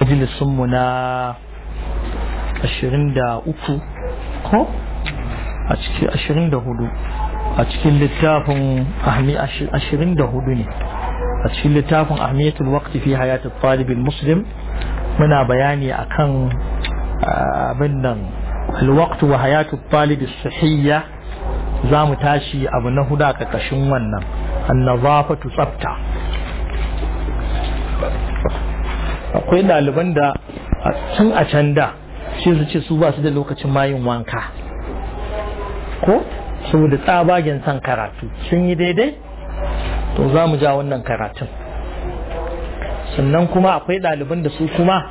majalisunmu na 23 ko a cikin 24 a cikin littafin ahmi 24 ne a cikin littafin ahmiyatul waqti fi hayatul talib muslim muna bayani akan abin nan alwaqt wa hayatul talib sahiyya za mu tashi abu na huda a ƙarƙashin wannan annabafatu tsafta akwai ɗaliban da tun a can da sai su ce su ba su da lokacin mayin wanka ko saboda tsabagen son karatu sun yi daidai to za mu ja wannan karatun sannan kuma akwai ɗaliban da su kuma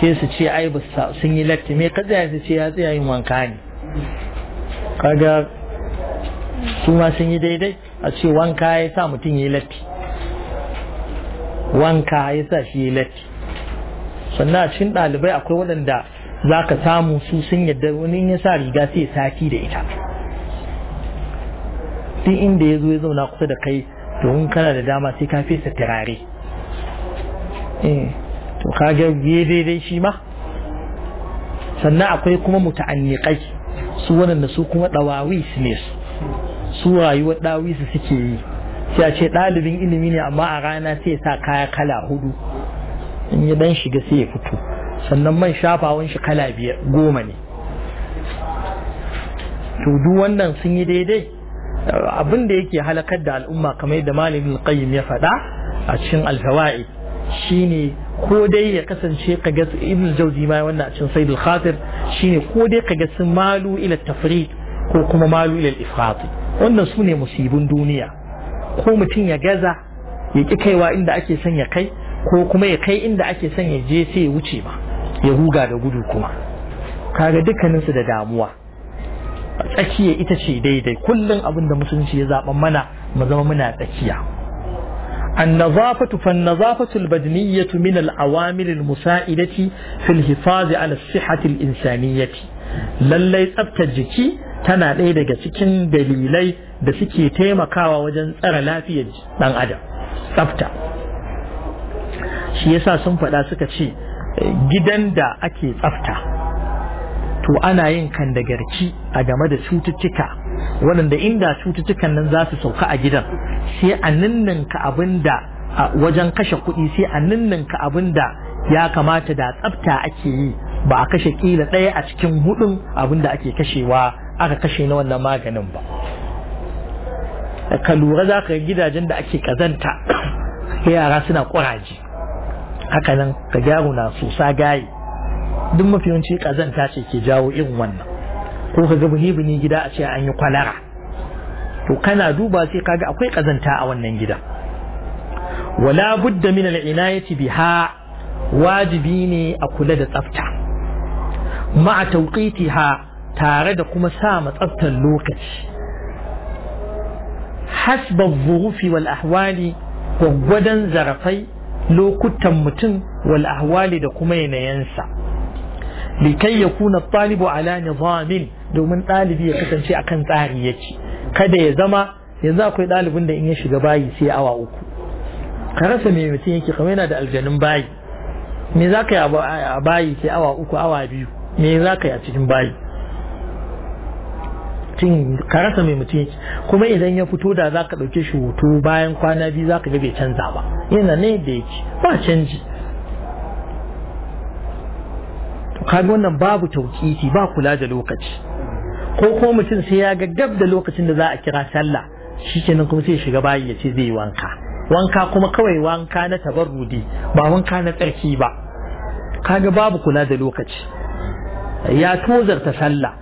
sai su ce ai ba sun yi latti me kaza ya ce ya tsaya yin wanka ne kaga su ma sun yi daidai a ce wanka ya sa mutum yi latti wanka ya sa shi latti sannan a cikin ɗalibai akwai waɗanda za ka samu su sun yadda wani ya sa riga sai sati da ita duk inda ya zo ya zauna kusa da kai domin kana da dama sai ka fesa turare eh, to ga ya daidai shi ma sannan akwai kuma muta'anniqai su waɗanda su kuma su ne su rayuwar su suke yi sai ce ɗalibin ilimi ne amma a rana sai sa kaya kala hudu in ya dan shiga sai ya fito sannan man shafawan shi kala biyar goma ne to duk wannan sun yi daidai abin da yake halakar da al'umma kamar yadda malamin qayyim ya faɗa a cikin alfawaid shine ko dai ya kasance kaga ibn jauzi ma wannan a cikin sayyidul khatir shine ko dai kaga sun malu ila tafriq ko kuma malu ila al-ifrat wannan sune musibin duniya ko mutum ya gaza ya ki kaiwa inda ake son ya kai ko kuma ya kai inda ake son ya je sai ya wuce ba ya huga da gudu kuma kaga dukkanin su da damuwa tsakiya ita ce daidai kullun abin da musulunci ya zaba mana mu zama muna tsakiya النظافة فالنظافة البدنية من العوامل المساعدة في الحفاظ على الصحة الإنسانية lallai tsaftar jiki tana ɗaya daga cikin dalilai da suke taimakawa wajen tsara lafiyar ɗan adam tsafta shi yasa sun faɗa suka ce gidan da ake tsafta to ana yin kandagarki a game da cututtuka waɗanda inda cututtukan nan za su sauka a gidan sai a ninninka abin da wajen kashe kuɗi sai a ninninka abin da ya kamata da tsafta ake yi ba a kashe kila ɗaya a cikin hudun abinda ake kashewa aka kashe na wannan maganin ba ka lura za ka gidajen da ake kazanta yara suna kuraje hakanan ka gyaro na sosa gaye duk mafi yawanci kazanta ce ke jawo irin wannan ko ka ga buhibini gida a ce an yi kwalara to kana duba sai kaga akwai kazanta a wannan gida wala budda min al-inayati biha wajibi ne a kula da tsafta ma'a ha tare da kuma sa matsabtar lokaci hasba zurufi wal ahwali gwaggwadon zarafai lokutan mutum wal ahwali da kuma yanayensa likai ya kuna talibu ala nizamin domin ɗalibi ya kasance akan tsari yake kada ya zama yanzu akwai ɗalibin da in ya shiga bayi sai awa uku ka rasa me mutum yake kamar yana da aljanun bayi me za ka yi a bayi sai awa uku awa biyu me za ka yi a cikin bayi cin ka rasa mai mutum kuma idan ya fito da za ka ɗauke shi hoto bayan kwana biyu za ka ga canza ba yana ne da yake ba canji kaga wannan babu tauƙiti ba kula da lokaci ko ko mutum sai ya ga da lokacin da za a kira sallah nan kuma sai shiga bayi ya ce zai yi wanka wanka kuma kawai wanka na tabarrudi ba wanka na tsarki ba kaga babu kula da lokaci ya tozarta sallah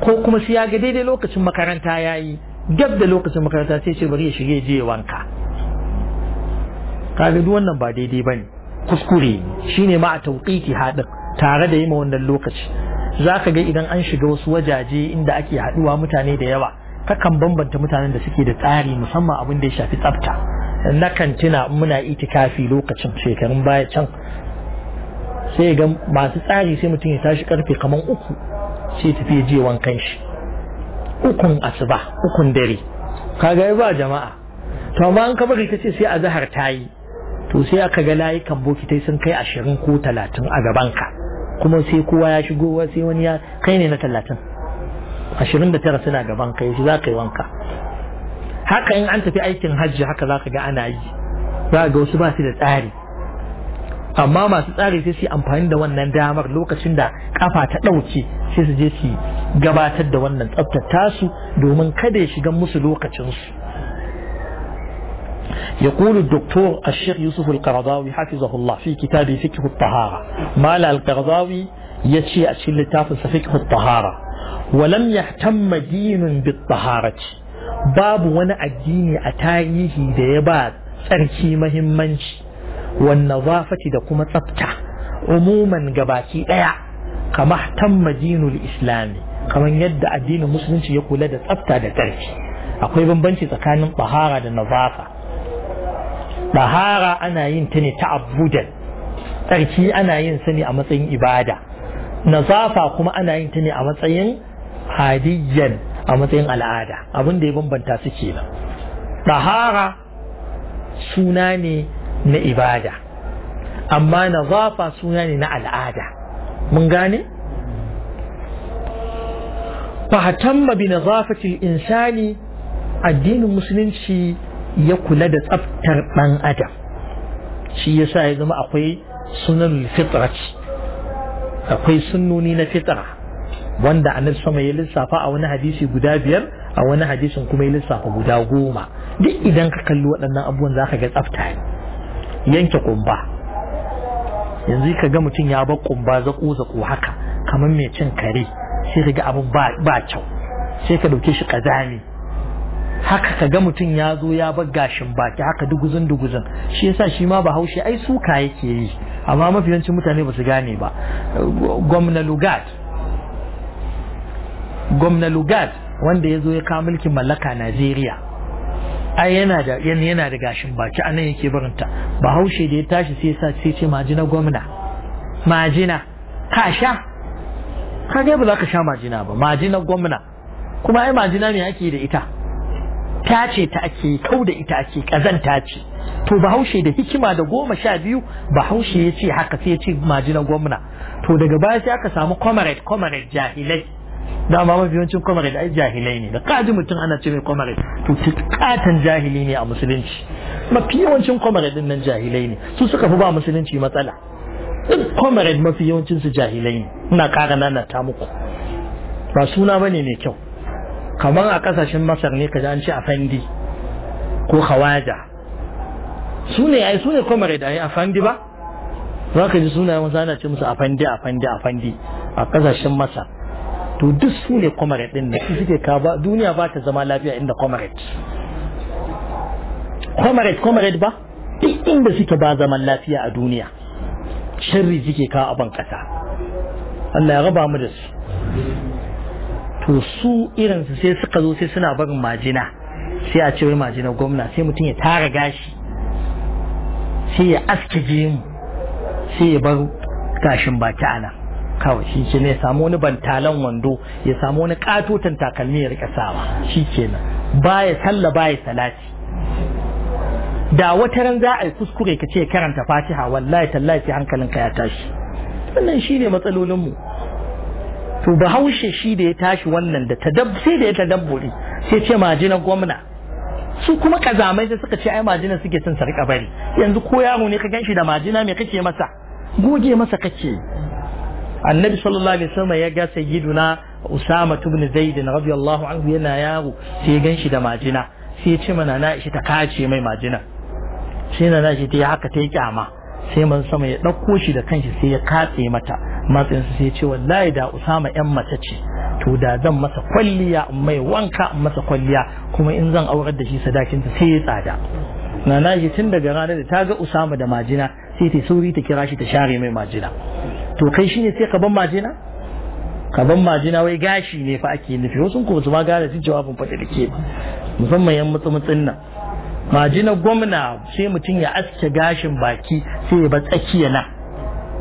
ko kuma shi ya ga daidai lokacin makaranta ya yi gab da lokacin makaranta sai ce bari ya shige je wanka kaga duk wannan ba daidai bane kuskure shine ma a tauqiti hadin tare da yima wannan lokaci zaka ga idan an shiga wasu wajaje inda ake haduwa mutane da yawa kakan bambanta mutanen da suke da tsari musamman abin da ya shafi tsafta na kantina muna itikafi lokacin shekarun baya can sai ga masu tsari sai mutum ya tashi karfe kamar uku sai tafi je wankan shi ukun asuba ukun dare kaga ba jama'a to amma an kabari ta ce sai a zahar ta yi to sai aka ga layukan bokitai sun kai ashirin ko talatin a gabanka kuma sai kowa ya shigo sai wani ya kai ne na talatin ashirin suna gaban ka yanzu za ka yi wanka haka in an tafi aikin hajji haka za ka ga ana yi za ga wasu ba su da tsari amma masu tsari sai su amfani da wannan damar lokacin da kafa ta dauke sai su je su gabatar da wannan tsabtata tasu domin kada ya shiga musu lokacinsu يقول الدكتور الشيخ يوسف القرضاوي حفظه الله في كتابه فقه الطهارة مال القرضاوي يشيء أشياء لتافس فقه الطهارة ولم يهتم دين بالطهارة باب وانا الدين أتاريه ديبات تركي مهمنش wan nazafati da kuma tsafta umuman gabaki ɗaya kama tamma dinul islami kamar yadda addinin musulunci ya kula da tsafta da tsarki akwai bambanci tsakanin bahara da nazafa bahara ana yin ta ne ta'abbudan tsarki ana yin sa ne a matsayin ibada nazafa kuma ana yin ta ne a matsayin hadiyyan a matsayin al'ada abin da ya bambanta su nan bahara suna ne na ibada amma nazafa suna ne na al'ada mun gane fahatamma bi nazafatil insani addinin musulunci ya kula da tsaftar dan adam shi yasa ya zama akwai sunan fitrati akwai sunnoni na fitra wanda annabi sama ya lissafa a wani hadisi guda biyar a wani hadisin kuma ya lissafa guda goma duk idan ka kalli waɗannan abubuwan za ka ga tsafta ne yanke kumba yanzu ka ga mutum ya bar kumba zaƙo zaƙo haka kamar mai cin kare sai ka ga abu ba kyau sai ka ɗauke shi ƙazami haka ka ga mutum ya zo ya bar gashin baki haka duguzin duguzin shi yasa shi ma bahaushe ai suka yake yi amma mafi mutane ba su gane ba gwamna lugat gwamna lugat wanda ya zo ya kawo mulkin mallaka najeriya ai yana da yana da gashin baki anan yake barinta bahaushe da ya tashi sai sa sai ce majina gwamna majina ka sha ka ga ba za ka sha majina ba majina gwamna kuma ai majina me ake da ita ta ce ta ake kau da ita ake kazanta ce to bahaushe da hikima da goma sha biyu bahaushe ya ce haka sai ya ce majina gwamna to daga baya sai aka samu comrade comrade jahilai ma mafi yawancin comrade ai jahilai ne da kaji mutum ana ce mai kwamare to katan jahili ne a musulunci mafi yawancin din nan jahilai ne su suka fi ba musulunci matsala duk kwamare mafi yawancin su jahilai ne ina kara nanata muku ba suna bane mai kyau kamar a kasashen masar ne kaji an ce afandi ko khawaja su ne ai su ne da ai afandi ba za ka ji sunayen wasu ana ce musu afandi afandi afandi a kasashen masar to duk su ne comrade din nan suke ka ba duniya ba ta zama lafiya inda comrade comrade comrade ba duk inda suke ba zaman lafiya a duniya sharri suke ka a ban kasa Allah ya raba mu da su to su irin su sai suka zo sai suna barin majina sai a ce wai majina gwamna sai mutum ya tara gashi sai ya aske jemu. sai ya bar gashin baki anan kawai shi ke ne samu wani bantalan wando ya samu wani katotan takalmi ya rika sawa shi ke nan baya sallah baya salati da wata ran za a yi kuskure ka ce karanta fatiha wallahi tallahi sai hankalinka ya tashi wannan shi ne matsalolinmu to bahaushe shi da ya tashi wannan da sai da ya tadabburi sai ce majina gwamna su kuma kazamai sai suka ce ai majina suke son su rika bari yanzu ko yaro ne ka ganshi da majina me kake masa goge masa kake annabi sallallahu alaihi wasallam ya ga sayyiduna usama ibn zaid radiyallahu anhu yana yaro sai ya ganshi da majina sai ya ce mana na ishi ta kace mai majina sai na na shi ta haka ta yi kyama sai man sama ya dauko shi da kanshi sai ya katse mata matsayin sai ya ce wallahi da usama yan mace ce to da zan masa kwalliya mai wanka masa kwalliya kuma in zan aurar da shi sadakinta sai ya tsada na na tun daga ranar da ta ga usama da majina sai ta sauri ta kira shi ta share mai majina to kai shi ne sai ka ban majina ka ban majina wai gashi ne fa ake nufi wasu kuma su ma gane su jawabin faɗi da ke musamman yan mutsumutsin nan majina gwamna sai mutum ya aske gashin baki sai ya ba tsakiya na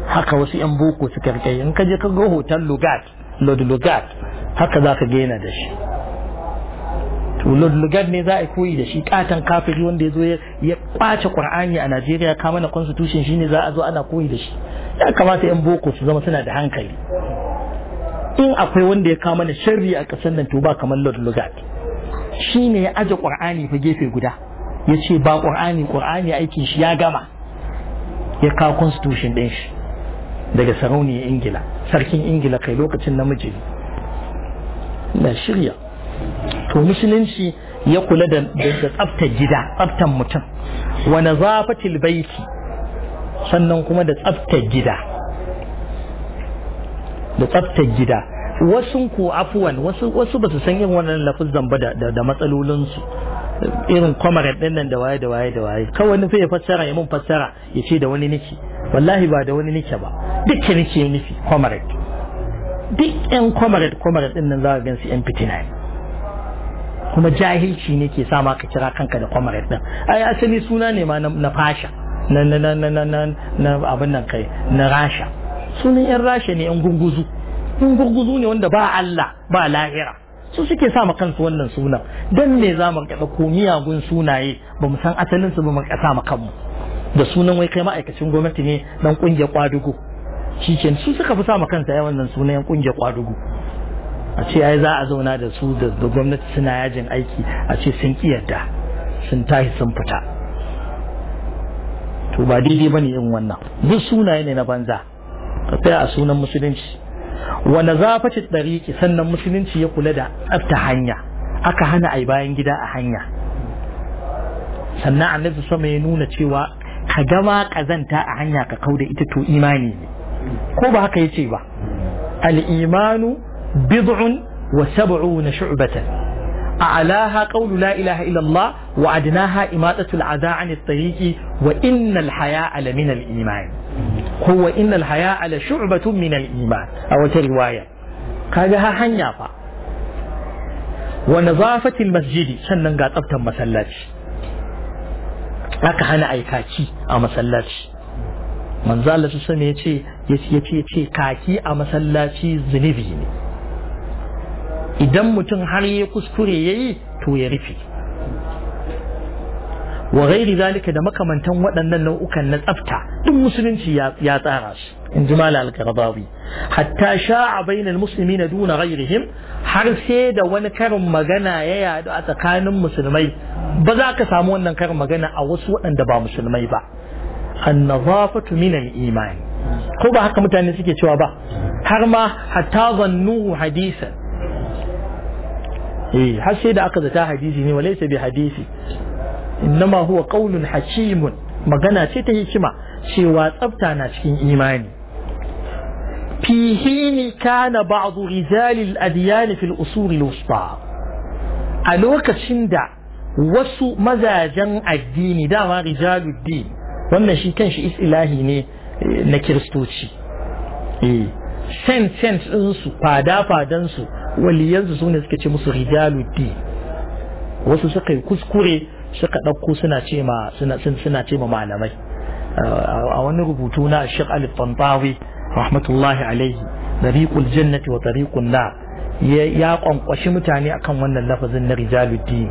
haka wasu yan boko su karkai in ka je ka ga hoton lugat lord lugat haka za ka gaina da shi to lord lugat ne za a koyi da shi katon kafiri wanda ya zo ya kwace qur'ani a najeriya kamar na constitution shine za a zo ana koyi da shi ya kamata yan boko su zama suna da hankali in akwai wanda ya kama na sharri a ƙasar nan to ba kamar Lord Lugat shi ne ya aje ƙur'ani fa gefe guda ya ce ba ƙur'ani ƙur'ani aikin shi ya gama ya kawo constitution ɗin shi daga sarauniyar ingila sarkin ingila kai lokacin na namiji na shirya to musulunci ya kula da tsaftar gida tsaftar mutum wa nazafatil baiti sannan kuma da tsaftar gida da tsaftar gida wasu ku afuwan wasu ba su san yin wannan lafazan ba da da matsalolinsu irin kwamarar din nan da waye da waye da waye kawai nufi ya fassara ya mun fassara ya ce da wani niki wallahi ba da wani nike ba duk nike nufi kwamarar duk yan kwamarar kwamarar din nan za ka gansu yan fitina kuma jahilci ne ke sa ma ka kira kanka da kwamarar din ai asali suna ne ma na fasha na na na na na na na abin nan kai na rasha sunan yan rasha ne yan gurguzu yan gurguzu ne wanda ba Allah ba lahira su suke sa kansu wannan sunan dan me za mu ɗauko miyagun sunaye ba mu san asalin su ba mu kasa ma kanmu da sunan wai kai ma'aikacin gwamnati ne dan kungiya kwadugo shi su suka fi sa ma kansa yawan nan sunan yan kungiya kwadugo a ce ai za a zauna da su da gwamnati suna yajin aiki a ce sun ki sun tashi sun fita to ba daidai bane yin wannan duk sunaye ne na banza ka tsaya a sunan musulunci wa nazafati dariki sannan musulunci ya kula da tsafta hanya aka hana ai bayan gida a hanya sannan annabi sama ya nuna cewa ka gama kazanta a hanya ka kauda ita to imani ne ko ba haka yace ba al-imanu bid'un wa na shu'batan أعلاها قول لا إله إلا الله وأدناها إماتة العداء عن الطريق وإن الحياء لمن الإيمان هو إن الحياء لشعبة من الإيمان أو رواية كاجها حنيافة ونظافة المسجد سنن قد أبتم مسلاج aka hana ai kaki a masallaci manzo Allah su sani yace yace yace kaki a masallaci zunubi ne idan mutum har ya kuskure ya yi to ya rufe wa gairi zalika da makamantan waɗannan nau'ukan na tsafta duk musulunci ya tsara su in ji malal al hatta bainar musulmi na duna ghairihim har sai da wani karin magana ya yadu a tsakanin musulmai ba za ka samu wannan karin magana a wasu waɗanda ba musulmai ba annazafatu min al-iman ko ba haka mutane suke cewa ba har ma hatta nuhu hadisan eh har sai da aka zata hadisi ne walaysa bi hadisi innama huwa qaulun hakim magana ce ta hikima cewa tsafta na cikin imani fi kana ba'du al adyan fi al usul al wusta a lokacin da wasu mazajen addini dama din wannan shi kanshi istilahi ne na kristoci eh sense sense su fada fadan su waliyansu su ne suka ce musu rijaluddi wasu suka yi kuskure suka ɗauko suna ce ma suna ce ma malamai a wani rubutu na a Ali Tantawi rahmatullahi alaihi dariƙul jannati wa tariqun nar ya ƙwanƙwashi mutane akan wannan lafazin na rijaluddin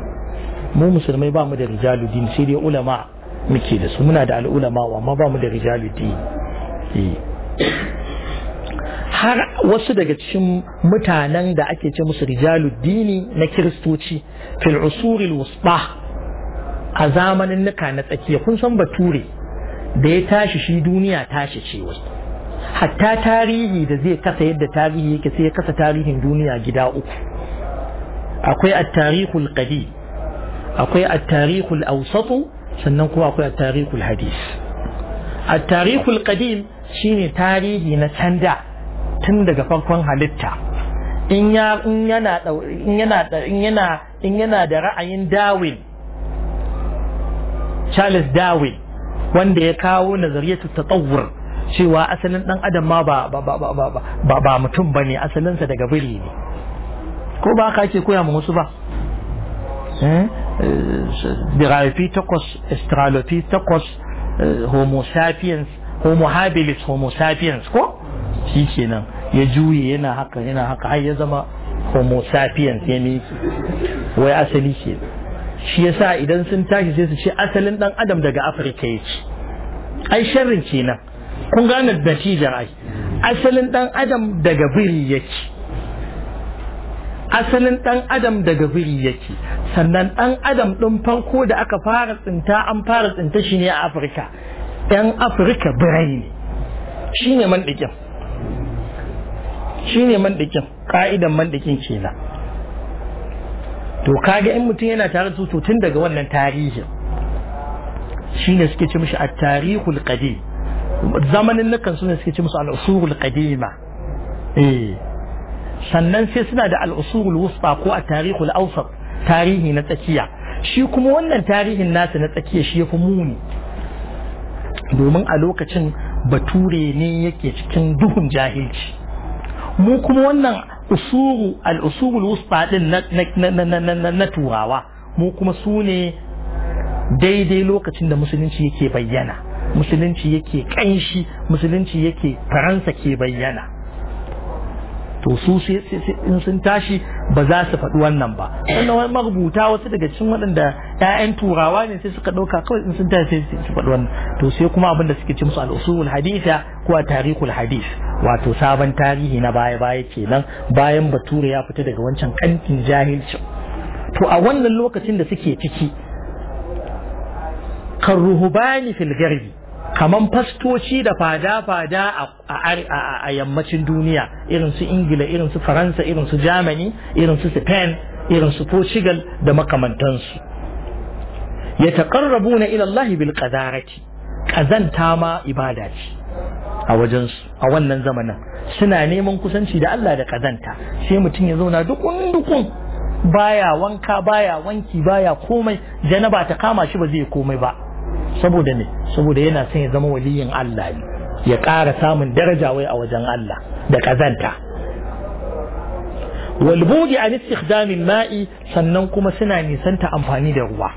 mu musulmai ba mu da rijaluddin sai dai ulama muke da su muna da al'ulama amma ba mu da rijaludi eh. har wasu daga cikin mutanen da ake ce musu rijaluddini na kiristoci fil usuril wusba a zamanin na tsakiya kun san bature da ya tashi shi duniya tashi ce wai hatta tarihi da zai kasa yadda tarihi yake sai ya kasa tarihin duniya gida uku akwai at-tarihul qadi akwai at-tarihul awsat sannan kuma akwai at-tarihul hadis at-tarihul qadim shine tarihi na canda tun daga farkon halitta in yana da ra'ayin darwin charles darwin wanda ya kawo nazariya tatawur cewa asalin dan adam ma ba ba ba mutum bane asalinsa daga biri ne ko ba ka ke koya musu ba eh, eh, Birayopitakos, takwas eh, Homo sapiens, Homo habilis, Homo sapiens ko? Shi kenan. ya juye yana haka yana haka har ya zama homo sapiens ya ne wai asali ke shi yasa idan sun tashi sai su ce asalin dan adam daga afirka ya ce ai sharrin kenan kun gane natijar ai asalin dan adam daga biri ce asalin dan adam daga biri ce sannan dan adam din farko da aka fara tsinta an fara tsinta shi ne a afirka yan afirka birai ne shi ne man shine mandikin ka'idan mandikin kenan to kaga in mutum yana tare da su tun daga wannan tarihin ne suke ci mishi a tarihul qadim zamanin nukan suna suke ci musu al qadima eh sannan sai suna da alusurul usulul wusta ko a tarihul awsat tarihi na tsakiya shi kuma wannan tarihin nasa na tsakiya shi yafi muni domin a lokacin bature ne yake cikin duhun jahilci mu kuma wannan usuru al-usurul wusta din na turawa mu kuma su ne daidai lokacin da musulunci yake bayyana musulunci yake kanshi musulunci yake faransa ke bayyana to su in sun tashi ba za su faɗi wannan ba sannan wani marubuta wasu daga cikin waɗanda 'ya'yan turawa ne sai suka ɗauka kawai in sun tashi sai su faɗi wannan to sai kuma abin da suke ci su al'usulul haditha ko a tarihul hadith wato sabon tarihi na baya baya kenan bayan bature ya fita daga wancan kantin jahilcin to a wannan lokacin da suke ciki kan ruhubani fil garbi kaman fastoci da fada-fada a yammacin duniya irin su ingila irin su faransa irin su germany irin su spain irin su portugal da makamantansu ya taƙarrabu na ilallahi bil ƙazarati ƙazanta ma ibada ce a wajensu a wannan zamanin suna neman kusanci da Allah da ƙazanta sai mutum ya zauna dukun dukun baya wanka baya wanki baya komai janaba ta kama shi ba zai komai ba saboda ne saboda yana son ya zama waliyin Allah ne ya ƙara samun daraja wai a wajen Allah da kazanta wal bugi an istikhdamin ma'i sannan kuma suna nisanta amfani da ruwa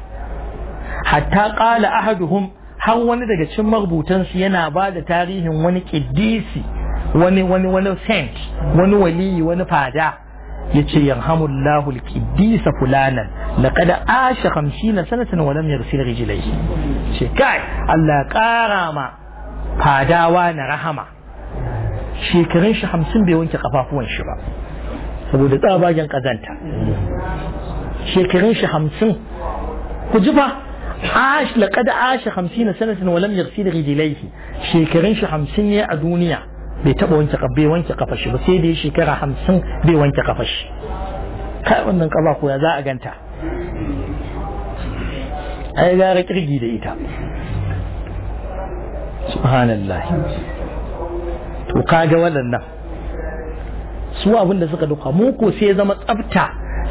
hatta qala ahaduhum har wani daga cikin marubutansu yana ba da tarihin wani kiddisi wani wani wani saint wani waliyi wani fada Ya yace yarhamullahu al-qiddis fulanan laqad asha 50 sanatan wa lam yaghsil rijlaihi ce kai Allah ya kara ma fadawa na rahama shekarun shi hamsin bai wanke kafafuwan shi ba saboda tsabagen kazanta shekarun shi hamsin. ku ji fa ash laqad asha 50 sanatan wa lam yaghsil rijlaihi shekarun shi 50 ne a duniya bai taɓa wanke bai wanke kafashi ba sai dai shekara hamsin bai wanke kafashi kai wannan kafa ko ya za a ganta ai gara kirgi da ita subhanallah to kaga waɗannan su abin da suka duka muku sai zama tsafta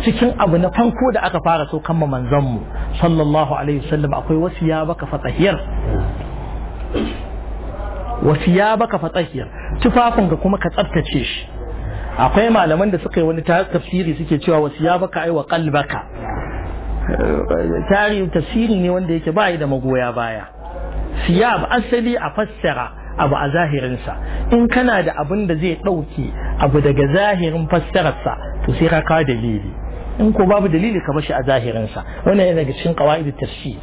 cikin abu na fanko da aka fara so kan manzon sallallahu alaihi wasallam akwai wasu ya baka fatahiyar wa thiyabaka tufafin tufafinka kuma ka tsaftace shi akwai malaman da suka yi wani tafsiri suke cewa wa thiyabaka ai wa qalbaka tarihin tafsiri ne wanda yake bayi da magoya baya siyab asali a fassara abu a zahirinsa in kana da abin da zai ɗauke abu daga zahirin fassararsa to sai ka kawo dalili in ko babu dalili ka bashi a zahirinsa wannan yana daga cikin qawaid tafsir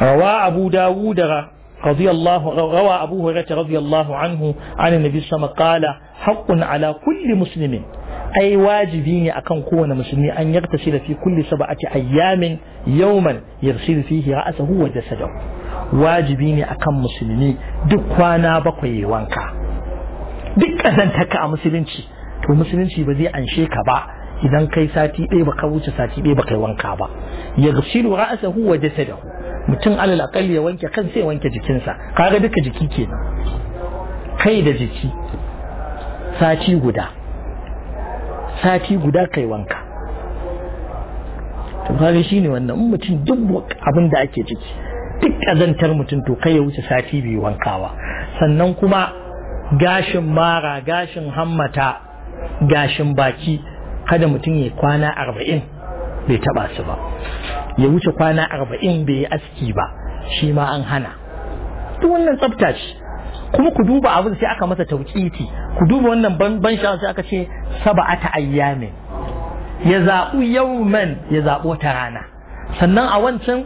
rawa abu dawud da رضي الله روى أبو هريرة رضي الله عنه عن النبي صلى الله عليه وسلم قال حق على كل مسلم أي واجبين أكن كون مسلم أن يغتسل في كل سبعة أيام يوما يغسل فيه رأسه وجسده واجبين أكن مسلمي دكوانا بقي وانكا duk ƙazantaka a musulunci to musulunci ba zai anshe ka ba idan kai sati ɗaya baka wuce sati ɗaya baka yi wanka ba ya gashiru ra'asahu wa jasadahu mutum alal aqalli ya wanke kan ya wanke jikinsa kaga duka jiki kenan kai da jiki sati guda sati guda kai wanka to kaga ne wannan in mutum duk abin da ake ciki duk ƙazantar mutum to kai ya wuce sati biyu wankawa sannan kuma gashin mara gashin hammata gashin baki kada mutum ya kwana arba'in bai taba su ba ya wuce kwana arba'in bai yi aski ba shi ma an hana duk wannan tsafta ce kuma ku duba abin sai aka masa tauƙiti ku duba wannan ban sha'awa sai aka ce ta ayyamin ya yau yawman ya zaɓo wata rana sannan a wancan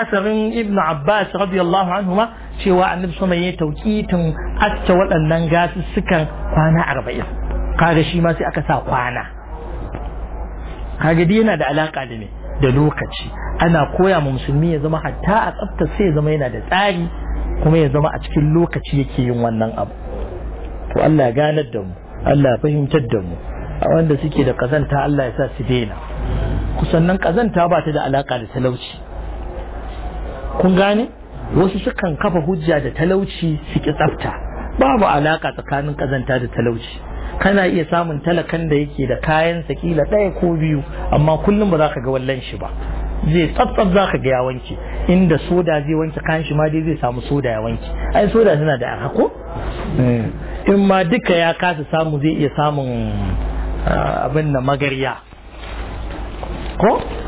asarin ibn abbas radiyallahu anhu ma cewa annabi sama yi tauƙitin acce waɗannan gasussukan kwana arba'in kaga shi ma sai aka sa kwana kaga yana da alaƙa da ne da lokaci ana koya ma musulmi ya zama hatta a tsafta sai ya zama yana da tsari kuma ya zama a cikin lokaci yake yin wannan abu to Allah ganar da mu Allah fahimtar da mu a wanda suke da kazanta Allah ya sa su daina kusannan kazanta ba ta da alaka da talauci kun gane wasu sukan kafa hujja da talauci su ki tsafta babu alaka tsakanin kazanta da talauci kana iya samun talakan da yake da kayan sakila ɗaya ko biyu amma kullum ba za ka ga wallan shi ba zai tsabtsab za ka ga ya wanke inda soda zai wanke kayan shi ma dai zai samu soda ya wanke ai soda tana da arha ko eh. in ma duka ya kasa samu zai iya samun ah, abin da magarya ko